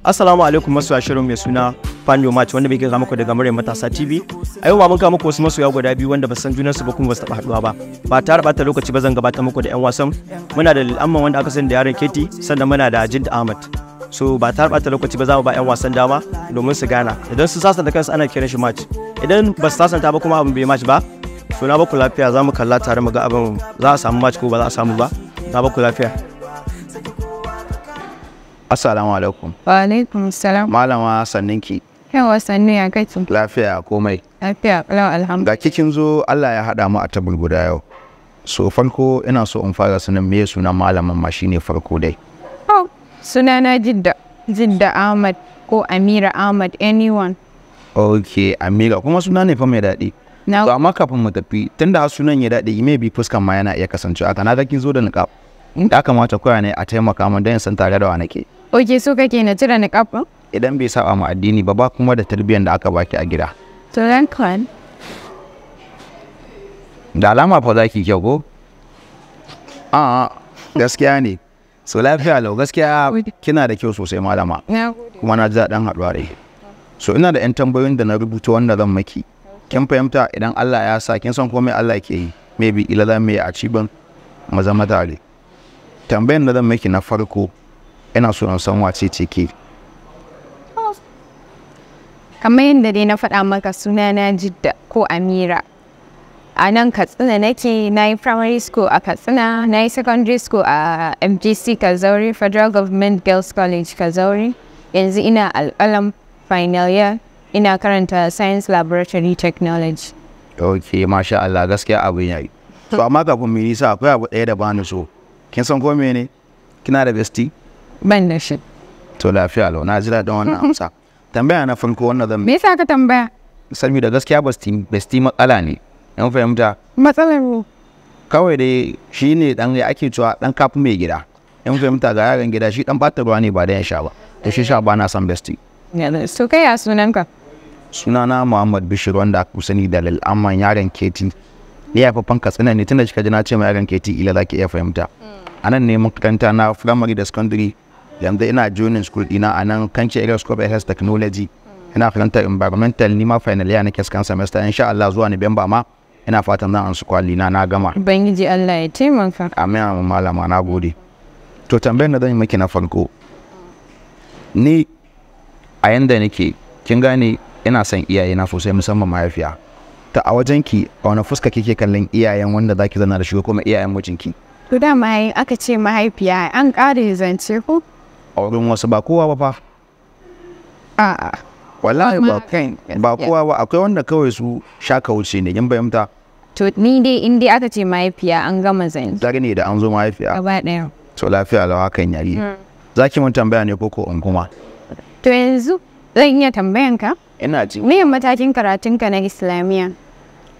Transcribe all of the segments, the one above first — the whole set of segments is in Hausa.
Assalamu alaikum masoya shirin mai suna Fanyo Match wanda muke muku daga muryar matasa TV. A yau ba mun muku wasu masoya guda biyu wanda ba san junansu su ba kuma ba su taɓa haɗuwa ba. Ba tare bata lokaci ba zan gabatar muku da yan wasan. Muna da Lil'amma wanda aka sani da yaron Keti sannan muna da Jid Ahmad. So ba tare bata lokaci ba za mu ba yan wasan dama domin su gana. Idan su sasanta kansu ana kiran shi match. Idan ba su sasanta ba kuma abin bai match ba. So na ba ku lafiya za mu kalla tare mu ga abin za a samu match ko ba za a samu ba. Na ba ku lafiya. Assalamu alaikum. Wa alaikum salam. Malama sanninki. Yawa sannu ya kai tun. Lafiya komai. Lafiya kalau alhamdulillah. Ga kikin zo Allah ya haɗa mu a tabul guda yau. So farko ina so in fara sanin me sunan malaman ma shine farko dai. Oh, sunana Jidda. Jidda Ahmad ko Amira Ahmad anyone. Okay, Amira kuma suna ne fa mai daɗi. To amma kafin mu tafi tunda sunan ya daɗi me bi fuskan ma yana iya kasancewa haka na ga kin zo da niqab. Da kamata koya ne a taimaka min don san tare da wa nake. Oke so kake na cire niqab Idan bai saba mu addini ba ba kuma da tarbiyyar da aka baki a gida. To Da alama fa zaki kyau ko? A'a gaskiya ne. So lafiya lau gaskiya kina da kyau sosai malama. Kuma na ji daɗin haɗuwa da So ina da 'yan tambayoyin da na rubuta wanda zan maki. Kin fahimta idan Allah ya sa kin san ko komai Allah ke yi. Maybe ila za mu yi a ciban mazamata zama tambayar Tambayan da zan maki na farko ina so na san wace ce ke oh. kamar yadda dai na faɗa maka suna na jidda ko amira a nan katsina nake na yi primary school a katsina na yi secondary school a mgc kazauri federal government girls college kazauri yanzu ina alƙalam final year ina karanta science laboratory technology ok masha Allah gaskiya abin yayi to amma kafin mu sa akwai abu ɗaya da bani so kin san ko mene kina da bestie ban da shi to lafiya lau na jira don wannan amsa tambaya na farko wannan zan me yasa ka tambaya sami da gaskiya ba su matsala ne yan fahimta matsalar mu kawai dai shi ne dan ake cewa dan kafi mai gida yan fahimta ga yaran gida shi dan bata ruwa ne ba dan ya sha ba da shi sha ba na san besti to kai ya sunanka sunana muhammad bishir wanda aka sani da lal'amman yaran keti Ni ya fafan katsina ne tunda ka ji na ce ma yaran keti ila zaki iya fahimta hmm. anan ne makaranta na firamare da secondary yanzu ina junin school dina a nan kanci area school health technology ina karanta environmental nima final year nake second semester insha Allah zuwa November ma ina fatan zan ansu kwali na na gama ubangiji Allah ya taimaka amin amin malama na gode to tambayar da zan yi miki na farko ni a yanda nake kin gane ina son iyaye na sosai musamman mahaifiya ta a wajen ki a wani fuska kike kallon iyayen wanda zaki zana da shi kuma iyayen mijinki to dama aka ce mahaifiya an ƙare zance ko a wurin wasu ba kowa ba fa a'a wallahi ba ba kowa ba akwai wanda kawai su shaka wuce ne in bayyanta to ni dai in dai aka ce mahaifiya an gama zan zari ne da an zo mahaifiya gaba to lafiya lawa kan yari zaki ki mun tambaya ne koko in kuma to yanzu zan iya tambayan ka ina ji me matakin karatun ka na islamiyya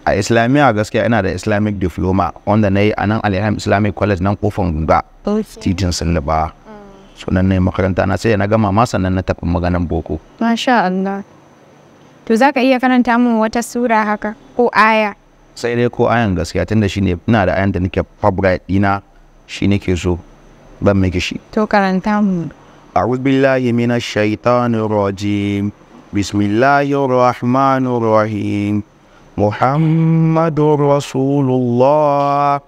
a ah, islamiyya gaskiya ina da islamic diploma wanda na yi a nan alham islamic college nan kofar gunga titin sun liba sunan ne makaranta na sai na gama ma sannan na tafi maganan boko masha Allah to za ka iya karanta min wata sura haka ko aya sai dai ko ayan gaskiya tunda shine ina da ayan da nake favorite dina shi nake so ban mai shi to karanta mu أعوذ بالله من الشيطان الرجيم بسم الله الرحمن الرحيم محمد رسول الله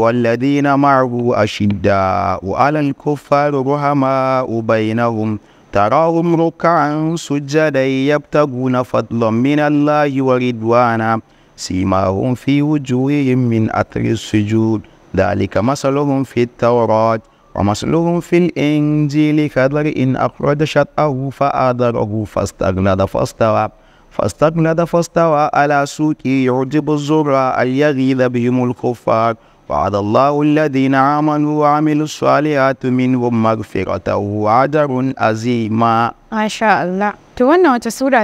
والذين معه أشداء على الكفار رحماء بينهم تراهم ركعا سجدا يبتغون فضلا من الله ورضوانا سيماهم في وجوههم من أثر السجود ذلك مثلهم في التوراة ومثلهم في الإنجيل كذر إن أخرج شطأه فآذره فاستغلظ فاستوى فاستكند فاستوى على سوقه يعجب الزرع أن يغيظ بهم الكفار وعد الله الذين آمنوا وعملوا الصالحات منهم مغفرة وأجر عظيما ما شاء الله to wannan wata sura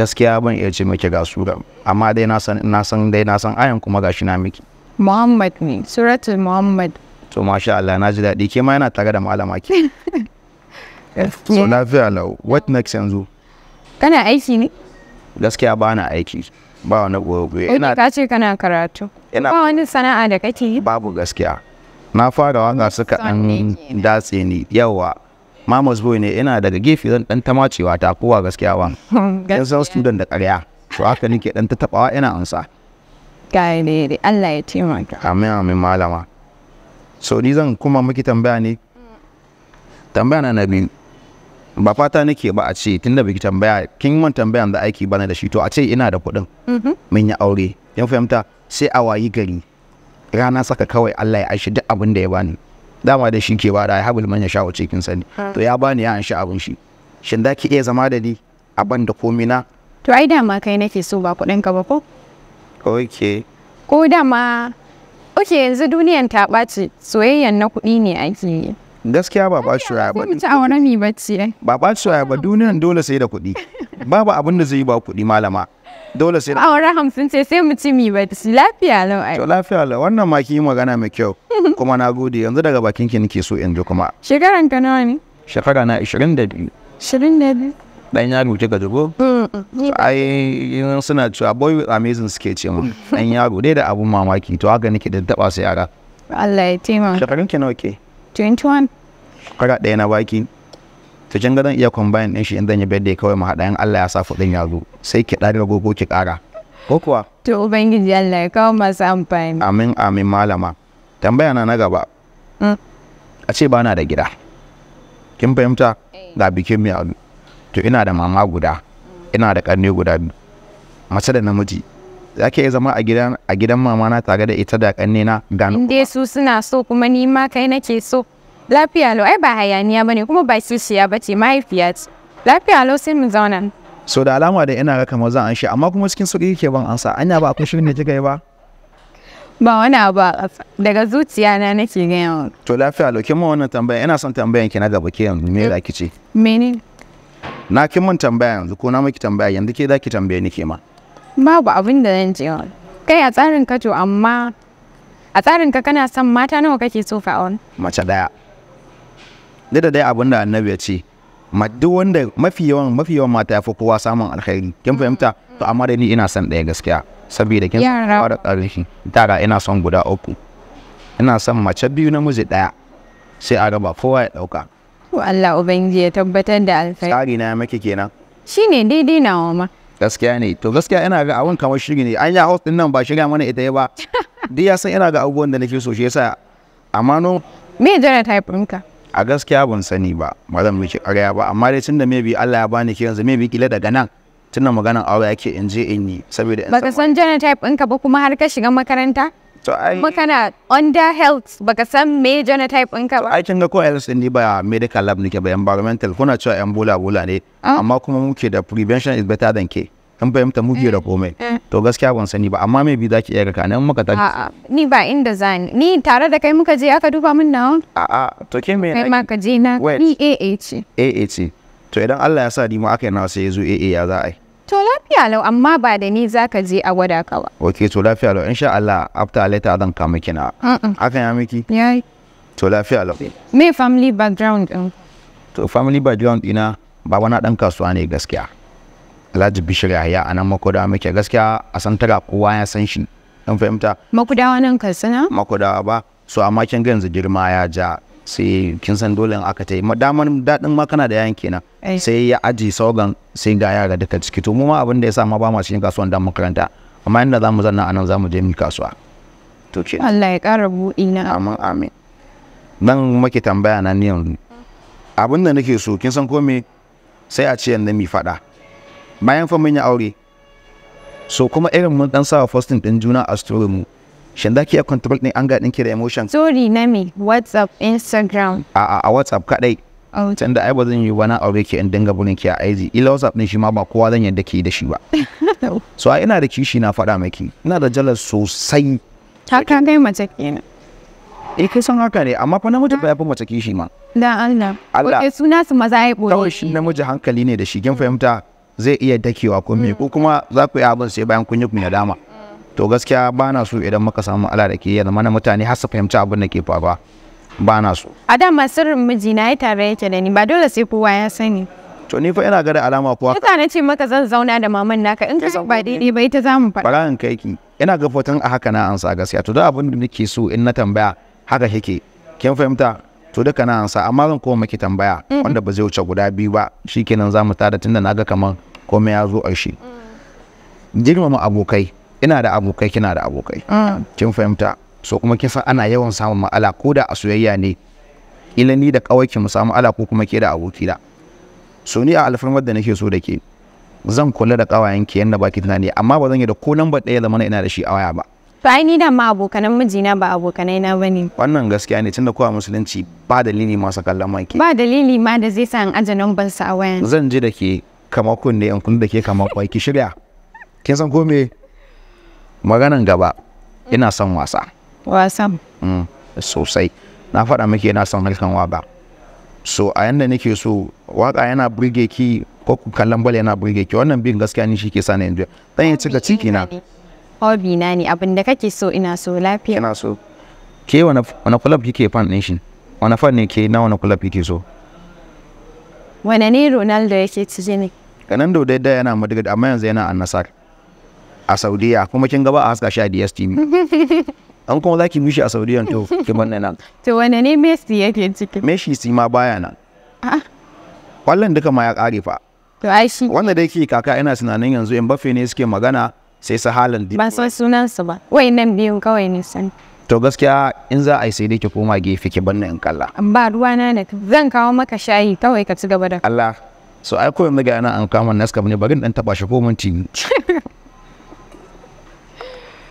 gaskiya ban iya ce miki ga sura amma dai na san na san dai na san ayan kuma gashi na miki Muhammad ne suratul Muhammad to masha Allah na ji daɗi ke ma yana tare da malama ke so lafiya lau what next yanzu kana aiki ne gaskiya ba na aiki ba wani gobe ina ka ce kana karatu ina ba wani sana'a da kake yi babu gaskiya na fara wanga suka dan datse ni yawa mamas boy ne ina daga gefe zan dan tamacewa ta kowa gaskiya ba yan san student da ƙarya to haka nake dan ta tabawa ina ansa kai ne Allah ya taimaka amin amin malama so ni zan kuma miki tambaya ne mm. tambaya na biyu ba fata nake ba a ce tunda biki tambaya kin man tambayan da aiki bana da shi to a ce ina da kuɗin mm-hmm. mun yi aure yan fahimta sai a wayi gari rana saka kawai Allah ya aishi duk abin da ya bani dama da shi ke ba da ya habul man ya sha kin sani hmm. to ya bani ya anshi abin shi shin da ki iya zama da ni a ban da komai na to ai dama kai nake so ba kuɗin ka ba ko okay ko dama oke yanzu duniyan ta ɓaci soyayyan na kuɗi ne ake yi gaskiya ba ba shi ba mu ci aure mi bacci ai ba ba shi ba duniyan dole sai da kuɗi babu abin da zai yi ba kuɗi malama dole sai da aure hamsin ce sai mu ci mi bacci lafiya lau ai to lafiya lau wannan ma ki yi magana mai kyau kuma na gode yanzu daga bakin ki nake so in ji kuma shekaran ka nawa ne shekara na 22 22 dan yaro kika jigo ai suna cewa boy with amazing suke ce mu dan yaro dai da abun mamaki to haka nake da taba su yara Allah ya taimaka shekarun ki nawa ke 21 shekara ɗaya na baki to can gadon iya combine ɗin shi in zan yi birthday kawai mu in Allah ya sa kuɗin ya zo sai ki ɗari gogo ki ƙara ko kuwa to ubangiji Allah ya kawo masu amfani amin amin malama tambaya na na gaba mm. a ce ba na da gida kin fahimta eh. ga bikin mai to ina da mama guda ina da ƙarni guda mace da namiji za ka iya zama a gidan a gidan mamana tare da ita da kanne na in dai su suna so kuma ni ma kai nake so lafiya lo ai ba hayaniya bane kuma ba kishiya bace mahaifiya ce lafiya lo sai mu zauna so da alama da ina ga kamar zan an shi amma kuma cikin sauki kike ban ansa anya ba akwai shirin da kika yi ba ba wani abu a daga zuciya na nake gaya wa. To lafiya lo kin wannan tambaya ina son tambayan ki na gaba ke yanzu me eh, za ki ce? Mene? Na kin mun tambaya yanzu ko na miki tambaya yanzu ke za ki tambaye ni ke ma. babu abin da zan ce kai a tsarin ka to amma a tsarin ka kana son mata nawa kake so ka on? mace daya duk da dai abin da annabi ya ce duk wanda mafi yawan mafi yawan mata ya fi kowa samun alkhairi kin mm. fahimta to amma dai ni ina son daya gaskiya saboda kin fara da ƙarfi daga ina son guda uku ina son mace biyu namiji daya sai a raba kowa ya dauka to Allah ubangiji ya tabbatar da alkhairi tsari na maki kenan shine daidai nawa ma gaskiya ne to gaskiya ina ga abun kamar shiri ne an ya house din nan ba shirya mana ita ba duk ya san ina ga abubuwan da nake so shi yasa amma no me jira ta ka a gaskiya ban sani ba zan miki ƙarya ba amma dai tunda maybe Allah ya bani ki yanzu maybe kila daga nan tunda maganan aure yake in je in yi saboda baka san genotype ɗinka ba kuma har ka shiga makaranta kuma kana under health baka san me genotype ka ba. Aikin ga ko health din ba medical lab nake ba environmental kuna cewa yan bola bola ne ah. amma kuma muke da prevention is better than ke. An fahimta muke da mm. komai. Mm. To gaskiya ban sani ba amma me bi zaki iya ka nan muka tafi. A'a ni ba inda zan ni tare da kai muka je aka duba min na A'a to ke me kai ma ka je na ni AA ce. To idan Allah ya sa ni mu aka yi na sai ya zo AA ya za a yi. To lafiya lau amma ba da ni za ka je a gwada ka ba. Ok to lafiya lau insha Allah after later zan kama kina. Akan ya miki? Ya yi. To lafiya lau. Me family background in? To family background ina ba wani ɗan kasuwa ne gaskiya. Alhaji Bishir Yahya a nan makoda muke gaskiya a san tara kowa ya san shi. Ɗan fahimta? Makodawa nan Katsina? Makodawa ba. So amma kin ga yanzu girma ya ja sai kin san dole aka ta yi daman daɗin ma kana da yayan kenan eh. sai ya aji saugan sai ga yara duka ciki to mu ma abin da ya sa ma ba ma cikin kasuwan dan makaranta amma inda zamu zanna anan zamu je mu kasuwa to ke Allah ya ƙara buɗi na amin amin nan muke tambaya na ne abin da nake so kin san ko me sai a ce yanda mi faɗa bayan fa mun yi aure so kuma irin mun dan sa fasting din juna a mu shin za ki iya control ɗin anger ɗinki da emotion Sorry na me whatsapp instagram a a whatsapp kaɗai can oh. da ai ba zan yi wani aure ke in dinga burin ki a IG ila WhatsApp din shi ma ba kowa zan yadda ke da shi ba oh. so a ina da kishi na faɗa maki ina da jalar sosai ta kan kai mace kenan eh kai san haka ne amma fa namiji ba ah. ya fi mace kishi ma da Allah Allah ko suna su maza ya boye kawai shi namiji hankali ne da shi kin hmm. fahimta zai iya dakewa ko me hmm. ko kuma za ku yi abin sai bayan kun yi kun nadama to gaskiya ba na so idan muka samu ala da ke yana mana mutane har su fahimci abin da ke faruwa ba na so a da masu sirrin mijina ya tare yake da ni ba dole sai kowa ya sani to ni fa ina ga da alama kuwa ka na ce maka zan zauna da maman naka in ka ba daidai ba ita mu faɗa bara in kai ki ina ga fatan a haka na ansa gaskiya to da abin da nake so in na tambaya haka yake kin fahimta to duka na ansa amma zan koma miki tambaya wanda ba zai wuce guda biyu ba shikenan mu tada tunda naga kaman komai ya zo a shi mm. girmama abokai ina da abokai kina da abokai mm. kin fahimta so kuma kin san ana yawan samun ma'ala ko da a soyayya ne ila ni da kawai mu samu ala ko kuma ke da aboki da so ni a alfarmar da nake so da ke zan kula da kawayen ki yanda baki tunani amma ba zan yi da ko lambar ɗaya zamana ina da shi a waya ba to ai ni da ma abokanan mijina ba abokanai na bane wannan gaskiya ne tunda kowa musulunci ba dalili ma sa kallon maki ba dalili ma da zai sa an aje namban sa a wayan zan ji da ke kama kunne in kun da ke kama kwai ki shirya kin san ko me maganan gaba ina son wasa wasan mm, sosai na faɗa miki yana son harkan waka so a yanda nake so waka yana burge ki ko kallon bal yana burge ki wannan bin gaskiya ni shi ke sa na enjoy dan ya cika ciki na hobby na ne abin da kake so ina so lafiya ina so ke wani wani club kike fan ne shi wani fan ne ke na wani club kike so wani ne Ronaldo yake ci ne da dai yana Madrid amma yanzu yana Al-Nassr a saudiya kuma kin gaba a haska shi a dstv an kuma zaki mushi mishi a saudiya to ki manna nan to wane ne messi yake ciki messi si ma baya nan ah. kwallon duka ma ya kare fa to ai shi wanda da yake kaka ina tunanin yanzu in bafe ne suke magana sai su halan ba so sunan su ba Wai nan biyun kawai ne san to gaskiya in za a yi sai dai ki koma gefe ki banna in kalla ba ruwa na ne zan kawo maka shayi kawai ka ci gaba da Allah so ai koyon daga ina an kama naska ne bari dan taba shi ko minti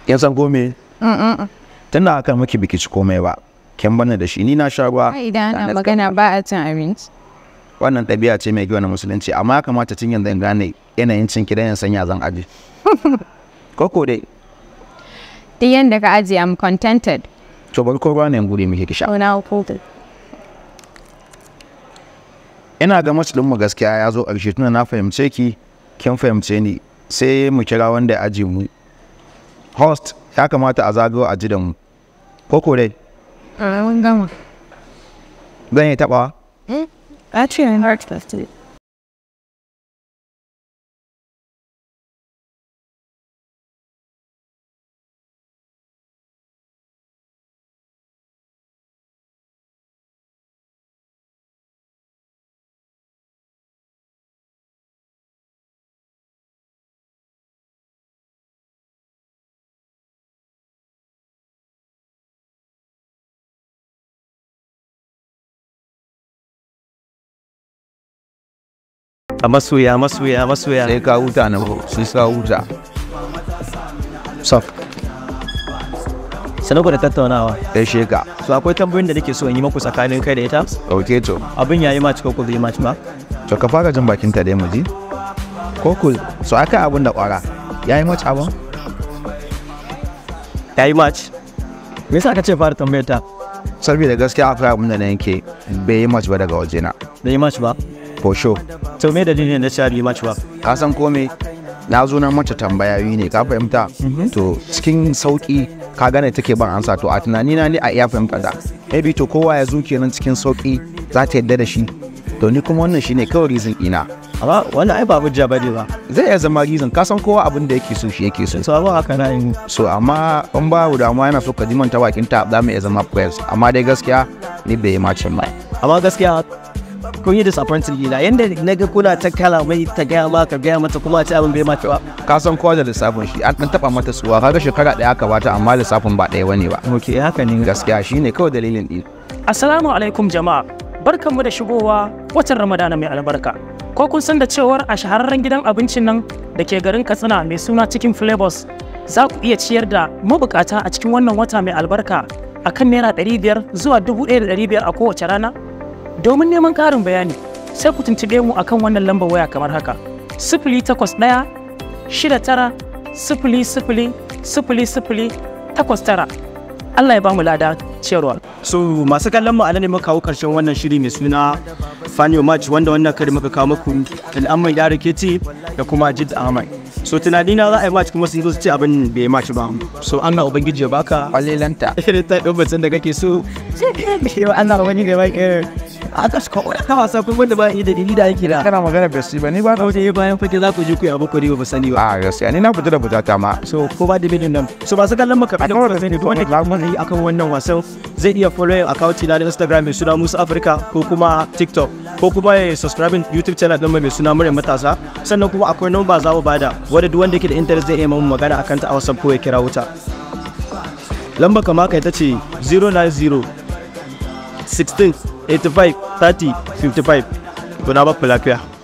yan san gome mm, mm, mm. tunda haka muke biki ci komai ba ken bana da shi ni na sha ruwa ai idan ana magana ba a cin abinci wannan ɗabi'a ce mai kyau na musulunci amma ya kamata tun yanzu in gane yanayin cin kidan yan sanya zan aji. koko dai duk yanda ka aji am contented to bari ko ruwa ne yan gure muke kisha ina oh, na ina ga musulun mu gaskiya ya zo ƙarshe tunda na fahimce ki kin fahimce ni sai mu kira wanda aji mu host ya kamata a zagayo a ji da mu ko ko dai a wani gama zan yi taɓawa? eh a ce ne a masoya masoya masoya sai ka huta na sai ka huta sof sanarwa da tattaunawa ya shega so akwai tambayoyin da nake so in yi maku tsakanin kai da ita ok to abin yayi ma cika ko bai ma ba to ka fara jin bakin ta dai mu ko ku so aka abin da kwara yayi match abin yayi match me yasa ka ce fara tambayar ta da gaskiya afirka abin da na yanke bai yi match ba daga wajena bai yi match ba for sure to me dalilin da sha biyu ba. ka san kome na zo na mace yi ne ka fahimta mhm. to cikin sauki ka gane take ban ansa to a tunani na ni a iya fahimta da maybe to kowa ya zo kenan cikin sauki za ta yadda da shi to ni kuma wannan shine kawai reason ina amma wannan ai ba hujja bane ba zai iya zama reason ka san kowa abin da yake so shi yake so so ba haka na yi so amma in ba da amma yana so ka ji jimanta bakin ta za mu iya zama press amma dai gaskiya ni bai ma cin mai amma gaskiya kun yi disappointing gida yanda na ga kuna ta kala mai ta gaya ma ka gaya mata kuma ta abin bai ma ba ka san kowa da lissafin shi an taba mata suwa kaga shekara daya aka bata amma lissafin ba daya bane ba ok haka ne gaskiya shine kawai dalilin din assalamu alaikum jama'a barkanmu da shigowa watan ramadana mai albarka ko kun san da cewar a shahararren gidan abincin nan da ke garin katsina mai suna cikin flavors za ku iya ciyar da mabukata a cikin wannan wata mai albarka akan naira 500 zuwa 1500 a kowace rana Domin neman ƙarin bayani sai ku tuntuɓe mu akan wannan lambar waya kamar haka. Sifili takwas ɗaya shida tara sifili sifili sifili sifili takwas tara. Allah ya ba mu lada ciyarwa. So masu kallon mu a nan kawo karshen wannan shiri mai suna Fanny Match wanda wannan kare muka kawo muku al'amman ya rikiti da kuma Jid Ahmad. So tunani na za a yi match kuma sun zo su ce abin bai match ba. So Allah ubangiji ya baka. Kwalelanta. Ina ta ɗin da kake so. Yau Allah wani da ke. a others kawai ta wasa kun wanda ba da dalili da ake da kana magana ba shi ba ni ba na wajen bayan fage za ku je ku ya abu kuri ba sani ba a ah, gaskiya ni na fita da fita ta ma so ko ba da bidin nan so ba su kallon maka da kuma sani to wanda kuma yi akan wannan wasan zai iya follow account na Instagram mai suna Musa Africa ko kuma TikTok ko kuma ya subscribe YouTube channel din mai suna Muryar Matasa sannan kuma akwai number za mu bada wanda duk wanda yake da interest zai iya mamu magana akan ta a wasan ko ya kira wuta lambar kama kai ta ce 090 16 85 30 55 to ba lafiya